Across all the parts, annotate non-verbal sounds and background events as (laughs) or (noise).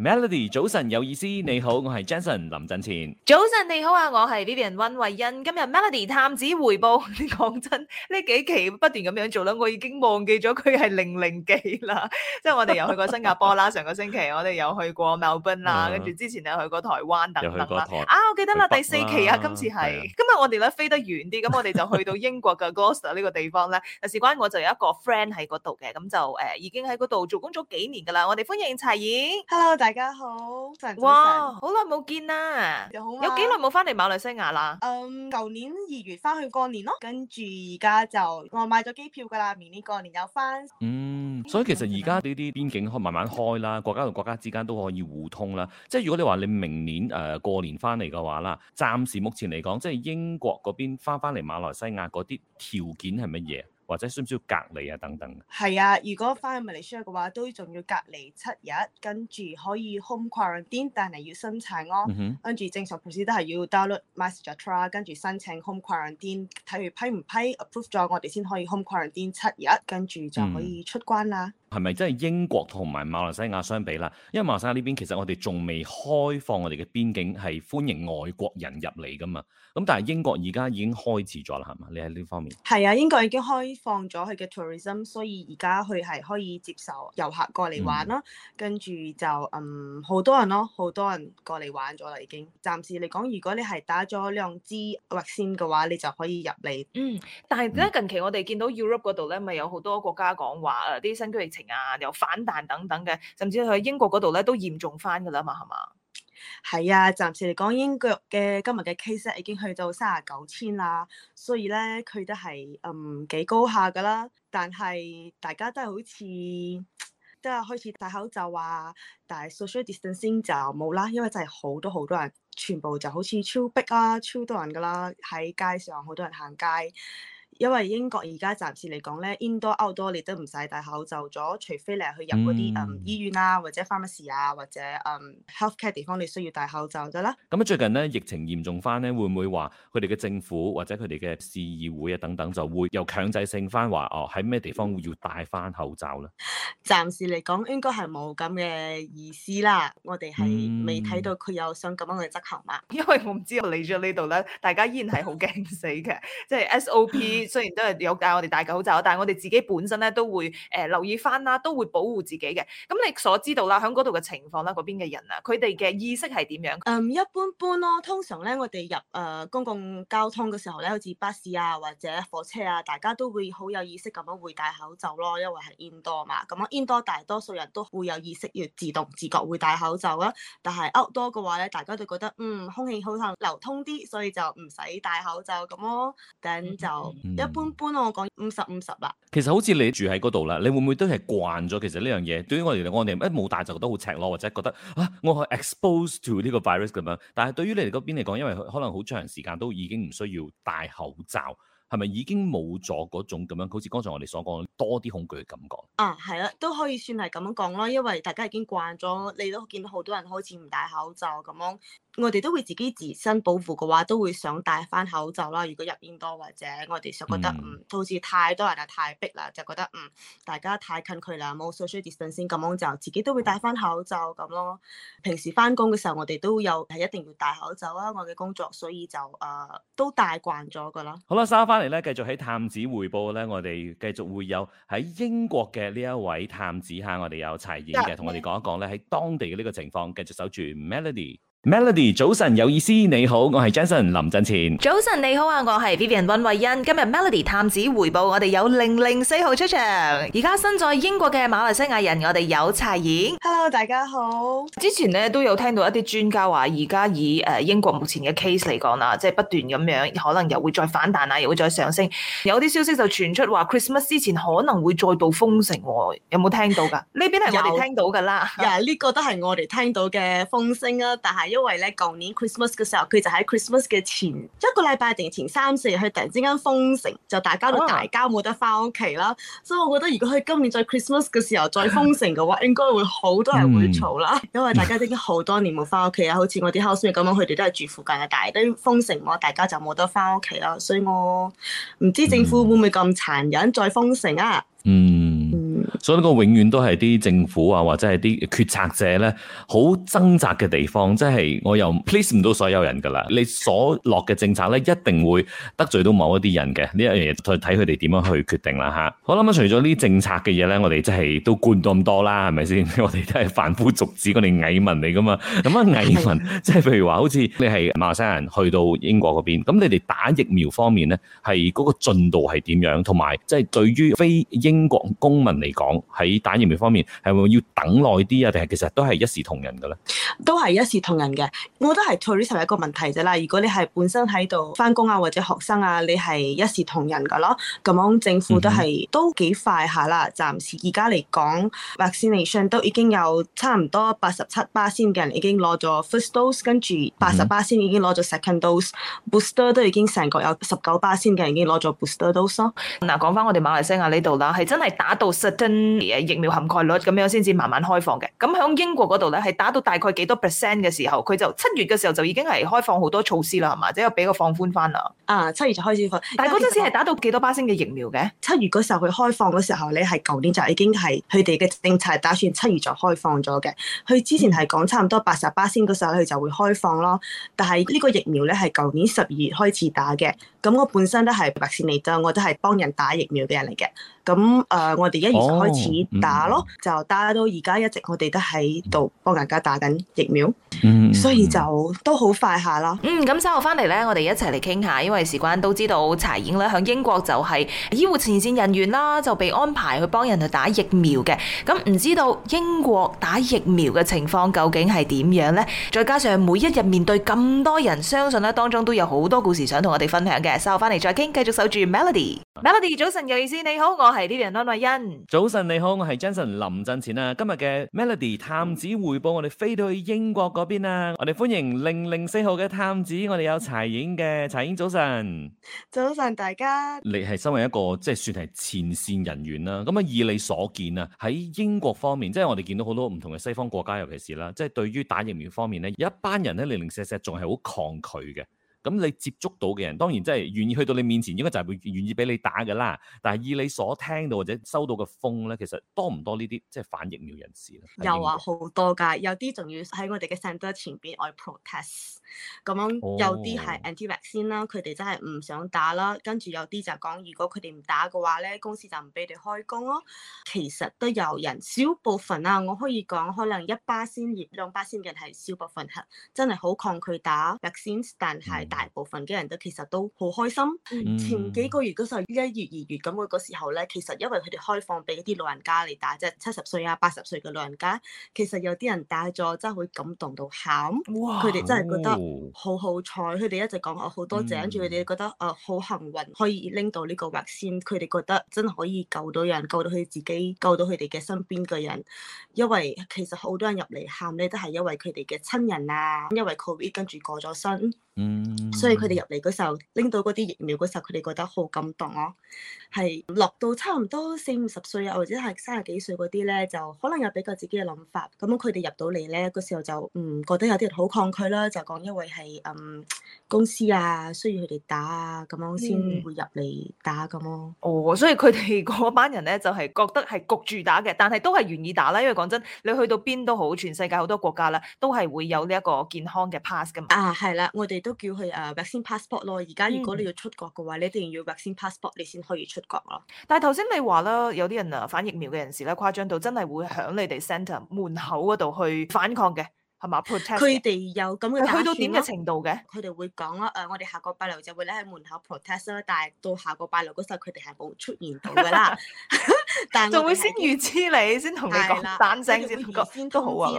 Melody，早晨有意思，你好，我係 Jason 林振前。早晨你好啊，我係 Vivian 溫慧欣。今日 Melody 探子回報，講真，呢幾期不斷咁樣做啦，我已經忘記咗佢係零零幾啦。即係我哋又去過新加坡啦， (laughs) 上個星期我哋又去過 Melbourne 啦，跟住之前又去過台灣等等啦。啊，我記得啦，去北 第四期啊，今次係、啊、今日我哋咧飛得遠啲，咁 (laughs) 我哋就去到英國嘅 Gloucester 呢個地方咧。 (laughs) 事關我，我就有一個 friend 喺嗰度嘅，咁就誒、呃、已經喺嗰度做工咗幾年噶啦。我哋歡迎柴燕。Hello 大家。大家好，早晨！哇，好耐冇見啦，有幾耐冇翻嚟馬來西亞啦？嗯，舊年二月翻去過年咯，跟住而家就我買咗機票噶啦，明年過年又翻。嗯，所以其實而家呢啲邊境可以慢慢開啦，國家同國家之間都可以互通啦。即係如果你話你明年誒、呃、過年翻嚟嘅話啦，暫時目前嚟講，即係英國嗰邊翻翻嚟馬來西亞嗰啲條件係乜嘢？或者需唔需要隔離啊？等等嘅係啊，如果翻去馬來西亞嘅話，都仲要隔離七日，跟住可以 home quarantine，但係要申請咯。跟住正常，procedure 都係要 download MySejahtera，跟住申請 home quarantine，睇佢批唔批 approve 咗，我哋先可以 home quarantine 七日，跟住就可以出關啦。係咪真係英國同埋馬來西亞相比啦？因為馬來西亞呢邊其實我哋仲未開放我哋嘅邊境，係歡迎外國人入嚟噶嘛。咁但係英國而家已經開始咗啦，係嘛？你喺呢方面？係啊，英國已經開放咗佢嘅 tourism，所以而家佢係可以接受遊客過嚟玩咯。跟住就嗯，好、嗯、多人咯，好多人過嚟玩咗啦，已經。暫時嚟講，如果你係打咗兩支 vaccine 嘅話，你就可以入嚟。嗯，但係點解近期我哋見到 Europe 嗰度咧，咪有好多國家講話啊啲新居？啊，又反彈等等嘅，甚至去英國嗰度咧都嚴重翻噶啦嘛，係嘛？係啊，暫時嚟講英國嘅今日嘅 case 已經去到三十九千啦，所以咧佢都係嗯幾高下噶啦。但係大家都係好似都係開始戴口罩啊，但係 social distancing 就冇啦，因為真係好多好多人全部就好似超逼啊，超多人噶啦喺街上，好多人行街。因為英國而家暫時嚟講咧，indoor outdoor 你都唔使戴口罩咗，除非你係去入嗰啲嗯，嗯醫院啊，或者 pharmacy 啊，或者嗯 healthcare 地方，你需要戴口罩㗎啦。咁、嗯、最近咧疫情嚴重翻咧，會唔會話佢哋嘅政府或者佢哋嘅市議會啊等等，就會有強制性翻話哦喺咩地方要戴翻口罩咧？暫時嚟講應該係冇咁嘅意思啦，我哋係未睇到佢有想咁樣嘅執行啊。嗯、因為我唔知嚟咗呢度咧，大家依然係好驚死嘅，即係 SOP。雖然都係有戴我哋戴口罩，但係我哋自己本身咧都會誒留意返啦，都會保護自己嘅。咁你所知道啦，響嗰度嘅情況啦，嗰邊嘅人啊，佢哋嘅意識係點樣？嗯，一般般咯。通常咧，我哋入誒公共交通嘅時候咧，好似巴士啊或者火車啊，大家都會好有意識咁樣會戴口罩咯，因為係 indoor 嘛。咁啊 indoor 大多數人都會有意識要自動自覺會戴口罩啦。但係 outdoor 嘅話咧，大家都覺得嗯空氣好流通啲，所以就唔使戴口罩咁咯。等就。一般般我講五十五十啦。嗯、其實好似你住喺嗰度啦，你會唔會都係慣咗？其實呢樣嘢對於我哋嚟講，我哋一冇戴就覺得好赤裸，或者覺得啊，我係 exposed to 呢個 virus 咁樣。但係對於你哋嗰邊嚟講，因為可能好長時間都已經唔需要戴口罩，係咪已經冇咗嗰種咁樣？好似剛才我哋所講多啲恐懼嘅感覺。啊、嗯，係啦，都可以算係咁樣講啦，因為大家已經慣咗，你都見到好多人開始唔戴口罩咁樣。我哋都會自己自身保護嘅話，都會想戴翻口罩啦。如果入面多或者我哋就覺得嗯，好似、嗯、太多人啦，太逼啦，就覺得嗯，大家太近距，距離冇 social distance 先咁樣就自己都會戴翻口罩咁咯。平時翻工嘅時候，我哋都有係一定要戴口罩啊。我嘅工作所以就誒、呃、都戴慣咗噶啦。好啦，收翻嚟咧，繼續喺探子回報咧，我哋繼續會有喺英國嘅呢一位探子嚇，我哋有齊演嘅，同我哋講一講咧喺當地嘅呢個情況，繼續守住 Melody。Melody，早晨有意思，你好，我係 Jason 林振前。早晨你好啊，我係 Vivian 溫慧欣。今日 Melody 探子回報，我哋有零零四號出場。而家身在英國嘅馬來西亞人，我哋有柴演。Hello，大家好。之前咧都有聽到一啲專家話，而家以誒英國目前嘅 case 嚟講啦，即係不斷咁樣，可能又會再反彈啊，又會再上升。有啲消息就傳出話，Christmas 之前可能會再度封城，有冇聽到噶？呢 (laughs) 有邊係我哋聽到噶啦。呢、 (laughs) yeah, 個都係我哋聽到嘅風聲啊，但係因為咧舊年 Christmas 嘅時候，佢就喺 Christmas 嘅前一個禮拜定前三四日，佢突然之間封城，就大家都大家冇得翻屋企啦。Oh, uh. 所以我覺得如果佢今年再 Christmas 嘅時候再封城嘅話，應該會好多人會嘈啦。 (laughs) 嗯、因為大家都已經好多年冇翻屋企啦，好似我啲 housemate 咁樣，佢哋都係住附近嘅，但係封城我大家就冇得翻屋企啦。所以我唔知政府會唔會咁殘忍、 (laughs) 嗯、再封城啊？嗯。 (laughs) 所以呢個永遠都係啲政府啊，或者係啲決策者咧，好掙扎嘅地方，即係我又 please 唔到所有人㗎啦。你所落嘅政策咧，一定會得罪到某一啲人嘅呢一樣嘢，再睇佢哋點樣去決定啦吓、啊，好啦，咁除咗呢啲政策嘅嘢咧，我哋即係都灌到咁多啦，係咪先？我哋都係凡夫俗子，我哋蟻民嚟噶嘛。咁、那、啊、個，蟻民的即係譬如話，好似你係馬來西亞人去到英國嗰邊，咁你哋打疫苗方面咧，係嗰個進度係點樣？同埋即係對於非英國公民嚟講。喺打疫苗方面，係咪要等耐啲啊？定係其實都係一視同仁嘅咧？都係一視同仁嘅，我覺得係退呢十一個問題啫啦。如果你係本身喺度翻工啊，或者學生啊，你係一視同仁噶咯。咁樣政府都係都幾快下啦。暫時而家嚟講，vaccination 都已經有差唔多八十七巴仙嘅人已經攞咗 first dose，跟住八十巴仙已經攞咗 second dose，booster 都已經成個有十九巴仙嘅人已經攞咗 booster dose 咯。嗱、嗯，講翻我哋馬來西亞呢度啦，係真係打到 certain 疫苗涵蓋率咁樣先至慢慢開放嘅。咁喺英國嗰度咧，係打到大概幾多 percent 嘅時候，佢就七月嘅時候就已經係開放好多措施啦，係嘛，即係俾個放寬翻啦。啊，七月就開始放，但係嗰陣時係打到幾多巴仙嘅疫苗嘅？七月嗰時候佢開放嗰時候咧，係舊年就已經係佢哋嘅政策，打算七月就開放咗嘅。佢之前係講差唔多八十巴仙嗰時候佢就會開放咯，但係呢個疫苗咧係舊年十二月開始打嘅。咁我本身都係前線嚟得，我都係幫人打疫苗嘅人嚟嘅。咁誒，我哋一月開始打咯，就大家都而家一直我哋都喺度幫大家打緊疫苗，所以就都好快下啦，嗯。嗯，咁稍後翻嚟咧，嗯，呢我哋一齊嚟傾下，因為事關都知道柴呢，查演咧響英國就係醫護前線人員啦，就被安排去幫人去打疫苗嘅。咁唔知道英國打疫苗嘅情況究竟係點樣呢？再加上每一日面對咁多人，相信咧當中都有好多故事想同我哋分享嘅。稍後翻嚟再傾，繼續守住 Melody。Melody，早晨有意思，你好，我係 Leon 安慧欣。早晨你好，我係 Jason 林振前啊。今日嘅 Melody 探子匯報，我哋飛到去英國嗰邊啊。我哋歡迎零零四號嘅探子，我哋有柴影嘅，柴影，早晨。早晨大家。你係身為一個即係算係前線人員啦、啊，咁啊以你所見啊喺英國方面，即係我哋見到好多唔同嘅西方國家，尤其是啦，即係對於打疫苗方面咧，有一班人咧零零四四仲係好抗拒嘅。咁你接觸到嘅人，當然即係願意去到你面前，應該就係願意俾你打㗎喇。但係以你所聽到或者收到嘅風咧，其實多唔多呢啲即係反疫苗人士咧？有啊，好多㗎。有啲仲要喺我哋嘅 centre 前邊我 protest，咁樣有啲係 anti-vaccine 啦，佢哋真係唔想打啦。跟住有啲就講，如果佢哋唔打嘅話咧，公司就唔俾你哋開工咯。其實都有人，少部分啊，我可以講，可能一巴仙葉兩巴仙嘅係少部分，真係好抗拒打 vaccine，但係、嗯。大部分嘅人都其實都好開心。前幾個月嗰陣，呢、嗯、一月二月咁嗰時候呢，其實因為佢哋開放俾啲老人家嚟打，即係七十歲啊、八十歲嘅老人家，其實有啲人打咗真係會感動到喊。佢哋哇真係覺得好好彩。佢哋、哦、一直講好、哦、多謝，跟住佢哋覺得好、呃、幸運可以拎到呢個 vaccine。佢哋覺得真係可以救到人，救到佢自己，救到佢哋嘅身邊嘅人。因為其實好多人入嚟喊呢，都係因為佢哋嘅親人啊，因為 COVID 跟住過咗身。嗯。所以佢哋入嚟嗰時候拎到嗰啲疫苗嗰時候，佢哋覺得好感動哦。係落到差唔多四五十歲啊，或者係三十幾歲嗰啲咧，就可能有比較自己嘅諗法。咁佢哋入到嚟咧，嗰時候就唔、嗯、覺得有啲人好抗拒啦，就講因為係嗯公司啊需要佢哋打啊，咁樣先會入嚟打咁咯、哦嗯。哦，所以佢哋嗰班人咧就係、是、覺得係焗住打嘅，但係都係願意打啦。因為講真，你去到邊都好，全世界好多國家啦，都係會有呢一個健康嘅 pass 噶嘛。啊，係啦，我哋都叫佢。誒、uh, vaccine passport 咯，而家如果你要出國嘅話，嗯、你一定要 vaccine passport，你先可以出國咯。但係頭先你話啦，有啲人啊反疫苗嘅人士咧、啊，誇張到真係會喺你哋 centre 門口嗰度去反抗嘅，係嘛？Protest 嘅。佢哋有咁嘅，係去到點嘅程度嘅？佢哋會講啦，誒、呃，我哋下個拜六就會咧喺門口 protest 啦，但係到下個拜六嗰時候，佢哋係冇出現到㗎啦。 (laughs) 但係仲會先預知你先同你講，單聲了先同你講先都好啊。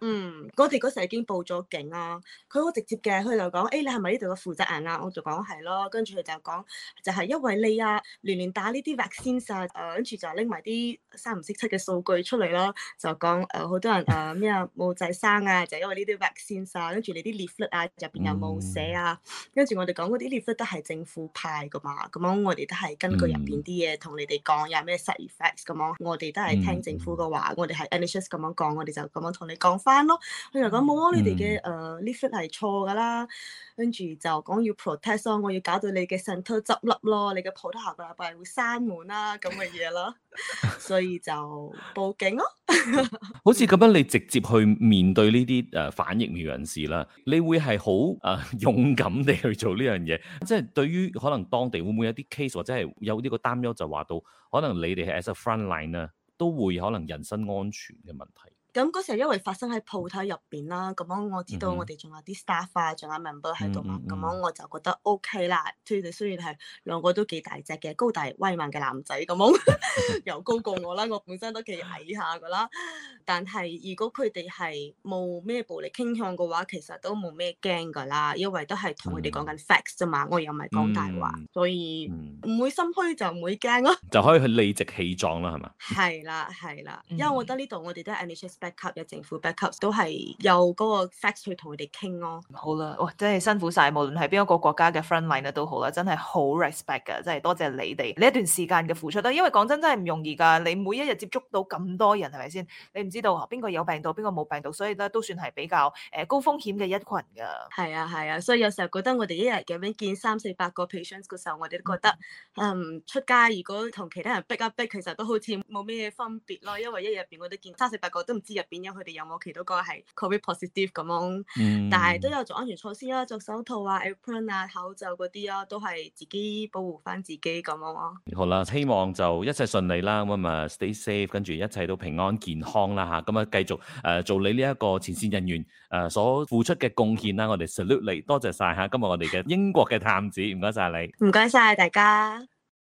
嗯，我哋嗰時已經報咗警啊。佢好 Okay. 直接嘅，佢就講，誒、欸，你係咪呢度嘅負責人啊？我就講係咯。跟住佢就講，就係、是、因為你啊，年年打呢啲 vaccine 跟住就拎埋啲三唔識七嘅數據出嚟咯。就講誒，好、呃、多人誒咩啊，冇仔生啊，就是、因為呢啲 vaccine 跟住你啲 leaflet 啊，入邊又冇寫啊？跟住我哋講嗰啲 leaflet 都係政府派㗎嘛。咁樣我哋都係根據入邊啲嘢同你哋講，有咩？咁樣，嗯、我哋都係聽政府嘅話，我哋係 NHS 咁樣講，我哋就咁樣同你講翻咯。佢就講，冇啊，你哋嘅誒 lift 係錯㗎啦，跟住就講要 protest 咯，我要搞到你嘅神偷執笠咯，你嘅鋪頭下個禮拜會閂門啦咁嘅嘢啦， (laughs) 所以就報警咯。 (laughs) 好似咁樣，你直接去面對呢啲誒反疫苗人士啦，你會係好誒勇敢地去做呢樣嘢。即係對於可能當地會唔會有啲 case 或者係有呢個擔憂就，就話到可能你哋係 as a front line 咧、啊，都會可能人身安全嘅問題。咁嗰時因為發生喺鋪頭入邊啦，咁樣我知道我哋仲有啲 staff 啊，仲有 member 喺度嘛，咁樣我就覺得 OK 啦。佢哋雖然係兩個都幾大隻嘅高大威猛嘅男仔，咁樣 (laughs) 又高過我啦，我本身都幾矮下噶啦。但係如果佢哋係冇咩暴力傾向嘅話，其實都冇咩驚噶啦，因為都係同佢哋講緊 facts 啫嘛，嗯、我又唔係講大話，所以唔會心虛就唔會驚咯、啊，就可以去理直氣壯啦，係嘛？係啦係啦，啦嗯、因為我覺得呢度我哋都係。backup 嘅政府 backup 都係有嗰個 facts 去同佢哋傾咯。好啦，哇真係辛苦晒，無論係邊一個國家嘅 frontline 都好啦，真係好 respect 嘅，真係多謝你哋呢一段時間嘅付出啦。因為講真真係唔容易㗎，你每一日接觸到咁多人係咪先？你唔知道邊個有病毒，邊個冇病毒，所以咧都算係比較誒高風險嘅一群㗎。係啊係啊，所以有時候覺得我哋一日咁樣見三四百個 patients 嘅時候，我哋都覺得嗯，嗯出街如果同其他人逼一逼，其實都好似冇咩分別咯。因為一日入面我都見三四百個，都唔知。入邊有佢哋有冇其他個係 COVID positive 咁樣，嗯、但係都有做安全措施啦、啊，着手套啊、apron 啊、口罩嗰啲啊，都係自己保護翻自己咁樣咯、嗯。好啦，希望就一切順利啦，咁啊 stay safe，跟住一切都平安健康啦吓，咁啊繼、嗯、續誒、呃、做你呢一個前線人員誒、呃、所付出嘅貢獻啦，我哋 salute 你，多謝晒吓，今日我哋嘅英國嘅探子，唔該晒你，唔該晒大家。